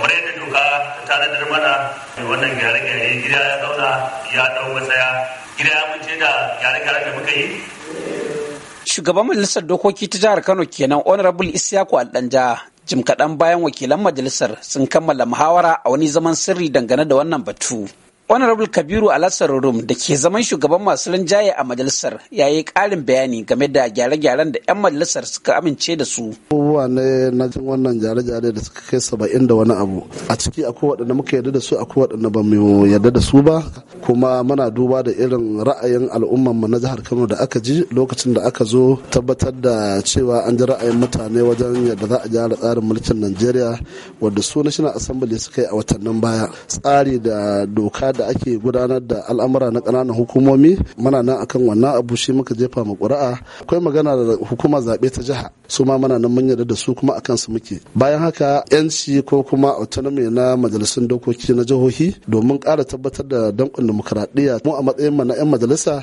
kamar yadda doka ta tanadar mana wannan gyare-gyare gida ya zauna ya dau matsaya gida ya mace da gyare gyare da muka yi shugaban majalisar dokoki ta jihar kano kenan honorable isyaku aldanja jim kaɗan bayan wakilan majalisar sun kammala muhawara a wani zaman sirri dangane da wannan batu honorable kabiru alassar rum da ke zaman shugaban masu rinjaye a majalisar ya yi karin bayani game da gyare-gyaren da 'yan majalisar suka amince da su abubuwa ne na jin wannan gyare-gyare da suka kai saba'in da wani abu a ciki akwai waɗanda muka yarda da su akwai waɗanda ba mu yarda da su ba kuma muna duba da irin ra'ayin mu na jihar kano da aka ji lokacin da aka zo tabbatar da cewa an ji ra'ayin mutane wajen yadda za a gyara tsarin mulkin najeriya wadda su national assembly suka yi a watannin baya tsari da doka da ake gudanar da al'amura na ƙananan hukumomi muna nan akan wannan abu shi muka jefa mu ƙuri'a akwai magana da hukumar zaɓe ta jiha su ma muna nan mun yarda da su kuma akan su muke bayan haka yanci ko kuma autonomy na majalisun dokoki na jihohi domin ƙara tabbatar da danƙon dimokuraɗiyya mu a matsayin mu 'yan majalisa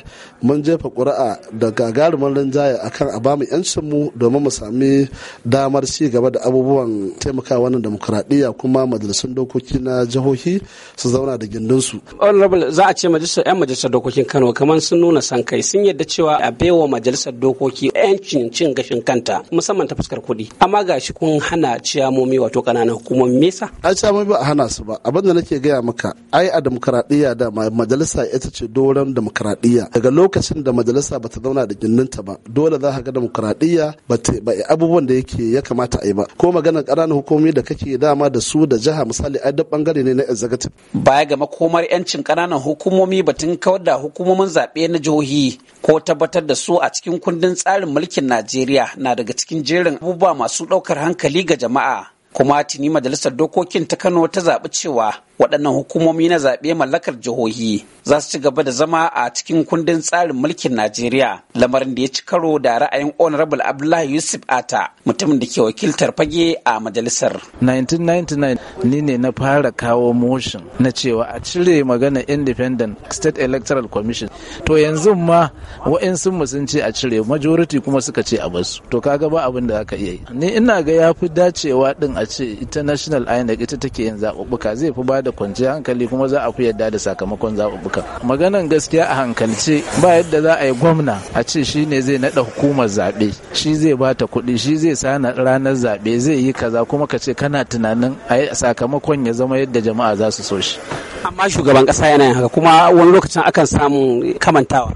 mun jefa ƙuri'a da gagarumin rinjaye akan a bamu 'yancin mu domin mu sami damar ci gaba da abubuwan taimakawa na dimokuraɗiyya kuma majalisun dokoki na jihohi su zauna da gindinsu. honorable za a ce majalisar 'yan majalisar dokokin kano kamar sun nuna san kai sun yadda cewa a baiwa majalisar dokoki 'yancin cin gashin kanta musamman ta fuskar kuɗi amma ga shi kun hana ciyamomi wato ƙananan hukumomi me yasa. a ciyamomi ba a hana su ba abin da nake gaya maka ai a dimokuraɗiyya da majalisa ita ce doron demokradiyya daga lokacin da majalisa ba ta zauna da gindinta ba dole za ka ga demokradiyya ba ta abubuwan da yake ya kamata a yi ba ko maganar ƙananan hukumomi da kake dama da su da jiha misali a duk bangare ne na executive baya ga makomar yancin ƙananan hukumomi batun kawar da hukumomin zaɓe na jihohi ko tabbatar da su a cikin kundin tsarin mulkin Najeriya na daga cikin jerin abubuwa masu ɗaukar hankali ga jama'a kuma tuni majalisar dokokin ta Kano ta zaɓi cewa waɗannan hukumomi na zaɓe mallakar jihohi za su ci gaba da zama a cikin kundin tsarin mulkin najeriya lamarin da ya ci karo da ra'ayin honorable abdullahi yusuf ata mutumin da ke wakiltar fage a majalisar 1999 ni ne na fara kawo motion na cewa a cire magana independent state electoral commission to yanzu ma wa'insu mu sun ce a cire majority kuma suka ce a basu to kaga ba abin da aka iya yi ni ina ga ya fi dacewa din a ce international national inec ita take yin zaɓuɓɓuka zai fi ba da kwanciyar hankali kuma za a fi yadda da sakamakon zaɓuɓɓukan maganan gaskiya a hankalce ba yadda za a yi gwamna a ce shi ne zai naɗa hukumar zaɓe shi zai ba ta kuɗi shi zai sana ranar zaɓe zai yi kaza kuma ka ce kana tunanin a yi sakamakon ya zama yadda jama'a za su so shi amma shugaban ƙasa yana yin haka kuma wani lokacin akan samu kamantawa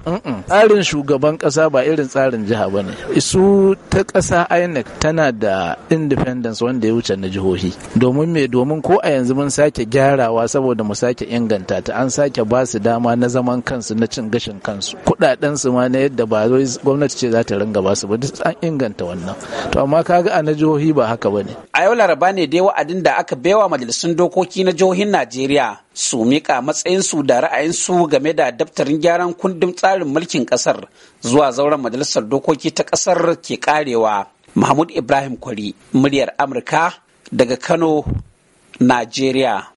tsarin shugaban ƙasa ba irin tsarin jiha ba ne isu ta ƙasa inec tana da independence wanda ya wuce na jihohi domin me domin ko a yanzu mun sake gyara farawa saboda mu sake inganta ta an sake ba su dama na zaman kansu na cin gashin kansu kudaden su ma na yadda ba zai gwamnati ce za ta ringa ba su ba duk an inganta wannan to amma kaga a na jihohi ba haka bane a yau laraba ne dai wa'adin da aka baiwa majalisun dokoki na jihohin Najeriya su mika matsayin su da ra'ayinsu game da daftarin gyaran kundin tsarin mulkin kasar zuwa zauren majalisar dokoki ta kasar ke karewa mahmud ibrahim kwari muryar amurka daga kano najeriya